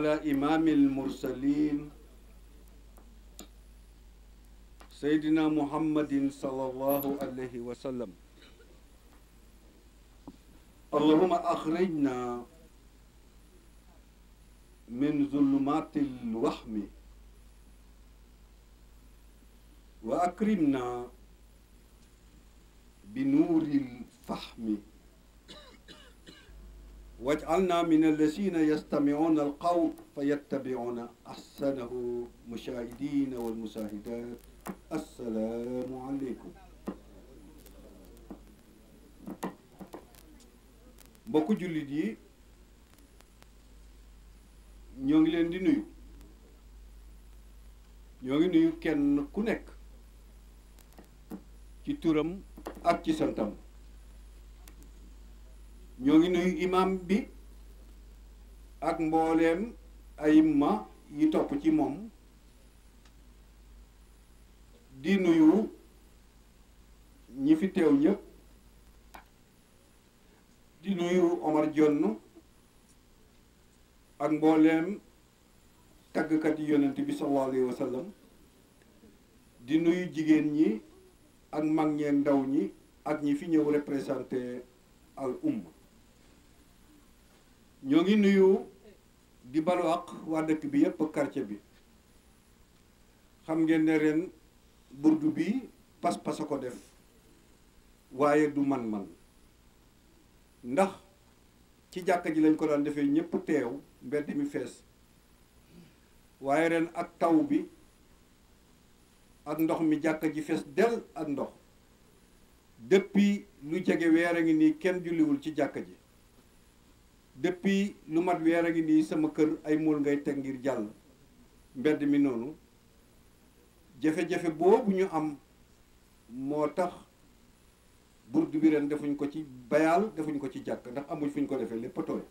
على إمام المرسلين سيدنا محمد صلى الله عليه وسلم اللهم أخرجنا من ظلمات الوهم وأكرمنا بنور الفهم واجعلنا من الذين يستمعون القول فيتبعون أحسنه مشاهدين والمشاهدات السلام عليكم mbokku jullit yi ñoo ngi leen di nuyu ñoo ngi nuyu kenn ku nekk ci turam ak ci santam ñoo ngi nuyu imam bi ak mbooleem ay ma yi topp ci moom di nuyu ñi fi teew ñëpp di nuyu Omar Jonn ak mbooleem taggkat yi yonent bi sallallahu alayhi wa di nuyu jigéen ñi ak mag ñeen ndaw ñi ak ñi fi ñëw représenté al umma ñoo ngi nuyu di balu ak waa dëkk bi yëpp karce bi xam ngeen ne ren burdu bi pas-pas a ko def waaye du man-man ndax ci jàkka ji lañ ko daan defee ñëpp teew mbedd mi fees waaye ren ak taw bi ak ndox mi jàkka ji fees del ak ndox depuis lu jege weer a ngi ni kenn julliwul ci jàkka ji depuis lu mat weer a ngi nii sama kër ay mool ngay teg ngir jàll mbedd mi noonu jafe-jafe boobu ñu am moo tax burdu bi ren defuñ ko ci bayaal defuñ ko ci jàkk ndax amuñ fuñ ko defee lépp a tooy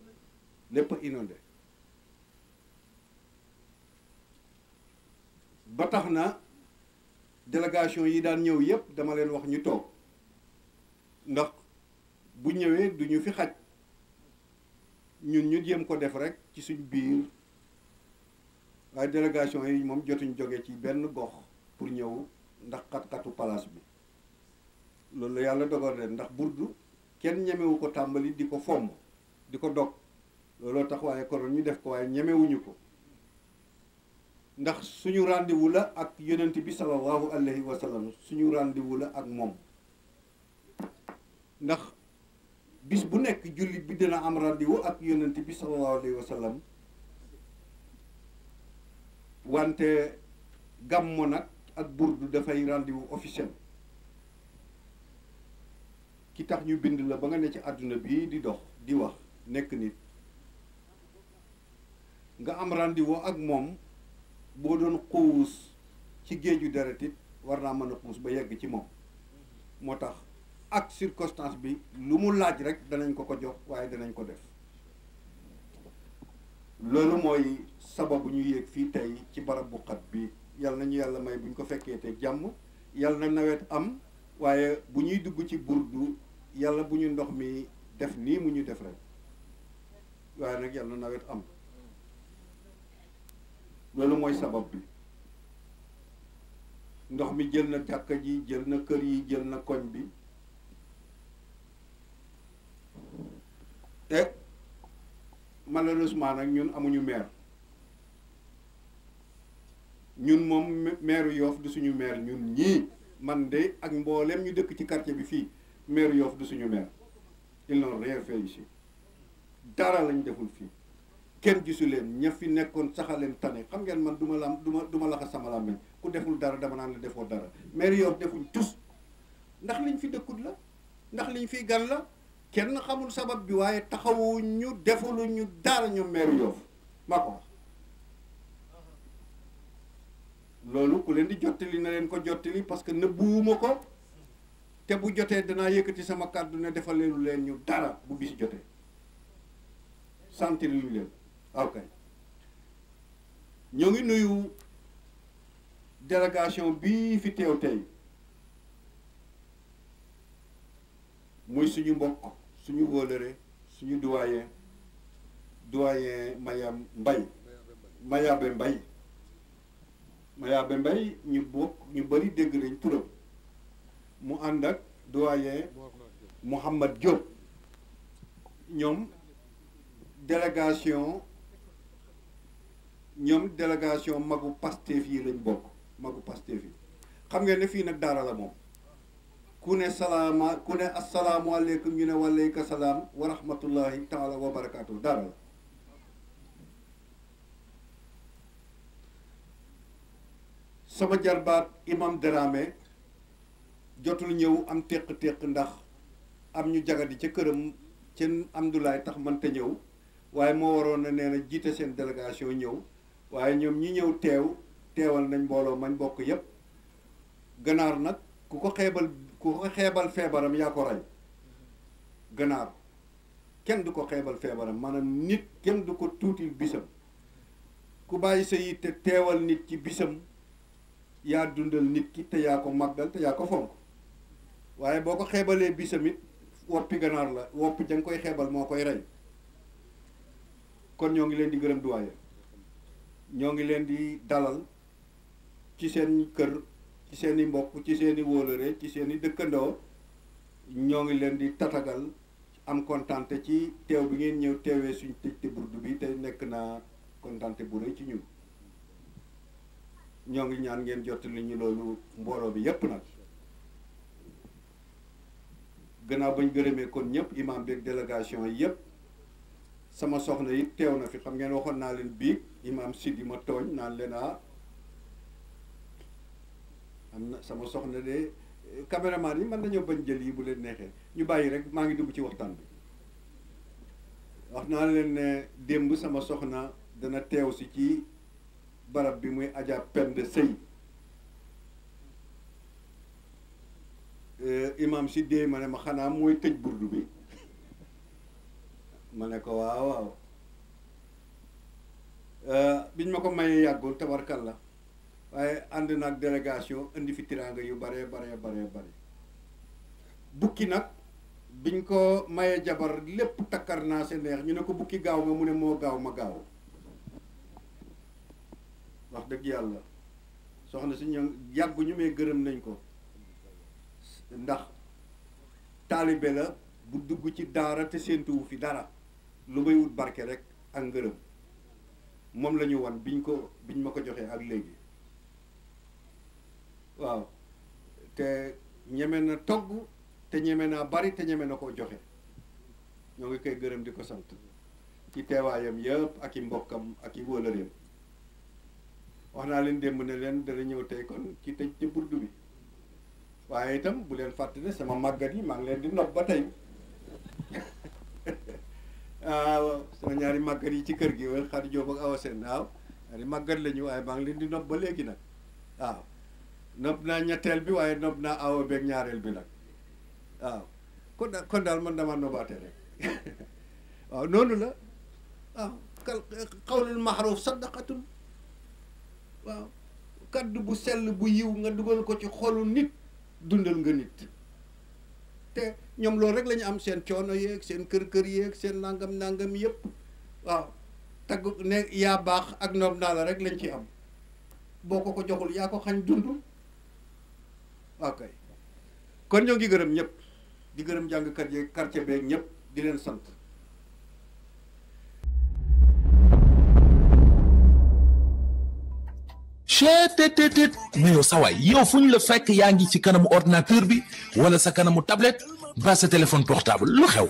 lépp a ba tax na délégation yi daan ñëw yépp dama leen wax ñu toog ndax bu ñëwee duñu fi xaj ñun ñu jéem ko def rek ci suñ biir waaye délégation yi moom jotuñ jóge ci benn gox pour ñëw ndax xat-xatu palaas bi loolu la yàlla dogal ren ndax burdu kenn ñemewu ko tàmbali di ko fomm di ko dog looloo tax waaye konoon ñu def ko waaye ñemewuñu ko ndax suñu rendez la ak yonent bi sallallahu alayhi wa sallam suñu rendez la ak moom ndax bis bu nekk jullit bi dina am rendez-vous ak yonent bi sallallahu alayhi wa sallam wante gàmmo nag ak burdu dafay rendez-vous officiel ki tax ñu bind la ba nga ne ci àdduna bii di dox di wax nekk nit nga am rendez ak moom boo doon xuus ci géeju deret it war naa mën a xuus ba yegg ci moom moo tax ak circonstance bi lu mu laaj rek danañ ko ko jox waaye danañ ko def loolu mooy bu ñu yéeg fii tey ci barab bu xat bi yàlla nañu yàlla may bu ko fekkee te jàmm yàlla na nawet am waaye bu ñuy dugg ci burdu yàlla bu ñu ndox mi def nii mu ñu def rek waaye nag yàlla nawet am loolu mooy sabab bi ndox mi jël na jàkka ji jël na kër yi jël na koñ bi te malheureusement nag ñun amuñu meer ñun moom maire yoof du suñu meer ñun ñii man de ak mboolem ñu dëkk ci quartier bi fii maire yoof du suñu maire ils n'ont rien fee ici dara lañ deful fii kenn gisu leen ña fi nekkoon saxaleen tane xam ngeen man du ma lam du ma du laxas sama làmmiñ ku deful dara dama naan la defoo dara maire Yoff defuñ tus ndax liñ fi dëkkut la ndax liñ fi gan la kenn xamul sabab bi waaye taxawuñu defuluñu dara ñu meeru Yoff maa ko loolu ku leen di jottali na leen ko jottali parce que nëbbuwuma ko te bu jotee danaa yëkkati sama kàddu ne defaleelu leen ñu dara bu bis jotee sentir luñu leen ok ñoo ngi nuyu délégation bii fi teew tey muy suñu mbokk suñu wóolëre suñu doyen duwaaye Mayam Mbay Mayabe Mbay Mayabe Mbay ñu bokk ñu bëri dégg nañ turam mu ànd ak doyen Mouhamad Diop ñoom délégation ñoom délégation magu Pastef yi lañ bokk magu Pastef yi xam ngeen ne fii nag daara la moom ku ne salaama ku ne asalaamualeykum ñu ne waleyka salaam wa rahmatullahi taala wa barakaatu dara la sama jarbaat imam Dramé jotul ñëw am téq-téq ndax am ñu jagadi ca këram ca Amdoulaye tax mënta ñëw waaye moo waroon na nee na jiite seen délégation ñëw waaye ñoom ñi ñëw teew teewal nañ mbooloo mañ bokk yépp ganaar nag ku ko xeebal ku ko xeebal feebaram yaa ko rey ganaar kenn du ko xeebal feebaram maanaam nit kenn du ko tuuti bisam ku bàyyi sa te teewal nit ci bisam yaa dundal nit ki te yaa ko màggal te yaa ko fonk waaye boo ko xeebalee bisam it woppi ganaar la wopp ja koy xeebal moo koy rey kon ñoo ngi leen di gërëm duwaaye ñoo ngi leen di dalal ci seen kër ci seen i mbokk ci seen i wóolëre ci seeni dëkkandoo ñoo ngi leen di tatagal am kontante ci teew bi ngeen ñëw teewee suñ tëjte burdu bi tey nekk naa kontante bu rëy ci ñun ñoo ngi ñaan ngeen jottali ñu loolu mbooloo bi yépp nag gannaaw bañ gërëmee kon ñëpp imam bi ak délégation yi yëpp sama soxna yi teew na fi xam ngeen waxoon naa leen biig si Sidi ma tooñ naan leen ah am na sama soxna de eh, caméraman yi mën nañoo bañ jël yi bu leen neexee ñu bàyyi rek maa ngi dugg ci waxtaan bi wax naa leen ne démb sama soxna dana teew si ci barab bi muy aja pend sëy eh, imam si dee ma ne ma xanaa mooy tëj burdu bi ma ne ko waaw waaw eh, biñ ma ko mayee yàggul la waaye ànd ak délégation indi fi tiraanga yu bare bare bare bare bukki nag biñ ko mayee jabar lépp takkar naa se neex ñu ne ko bukki gaaw ma mu ne moo gaaw ma gaaw wax dëgg yàlla soxna si ñoom yàgguñu mee gërëm nañ ko ndax taalibe la bu dugg ci daara te séentuwu fi dara lu may wut barke rek ak ngërëm moom lañu ñu wan biñ ko biñ ma ko joxee ak léegi waaw te ñeme na togg te ñeme naa bari te ñeme na koo joxe ñoo ngi koy gërëm di ko sant ci teewaayam yëpp ak i mbokkam ak i wóolareem wax naa leen démb ne leen dana ñëw tey kon ci tëj ci burdu bi waaye itam bu leen fàtte ne sama màggat yi maa ngi leen di nopp ba tey waaw sama ñaari màggat yi ci kër gi wala xaar Jóob ak waaw ñaari màggat lañu waaye maa ngi leen di nopp ba léegi nag waaw nopp naa ñetteel bi waaye nopp naa awo beeg ñaareel bi nag waaw kon daal kon daal man dama nobaate rek waaw noonu la waaw xawlul maxruuf sadaqatun waaw kaddu bu sell bu yiw nga dugal ko ci xolu nit dundal nga nit te ñoom loolu rek lañu am seen coono yeeg seen kër-kër yeeg seen nangam nangam yëpp waaw tagg ne yaa baax ak nopp naa la rek lañ ci am boo ko ko joxul yaa ko xañ dund waaw kay kon ñoo ngi gërëm ñëpp di gërëm jàngkat yi quartier beeg ñëpp di leen sant. chetttt mais yow sawaay yow fu ñu la fekk yaa ngi ci kanamu ordinateur bi wala sa kanamu tablette ba sa téléphone portable lu xew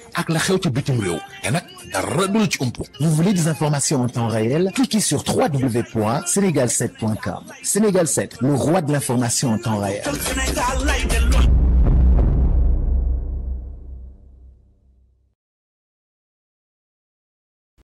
ak la xew ci bitim réew te nag dara Vous voulez des informations en temps réel? Cliquez sur www.senegal7.com. Sénégal 7, le roi de l'information en temps réel.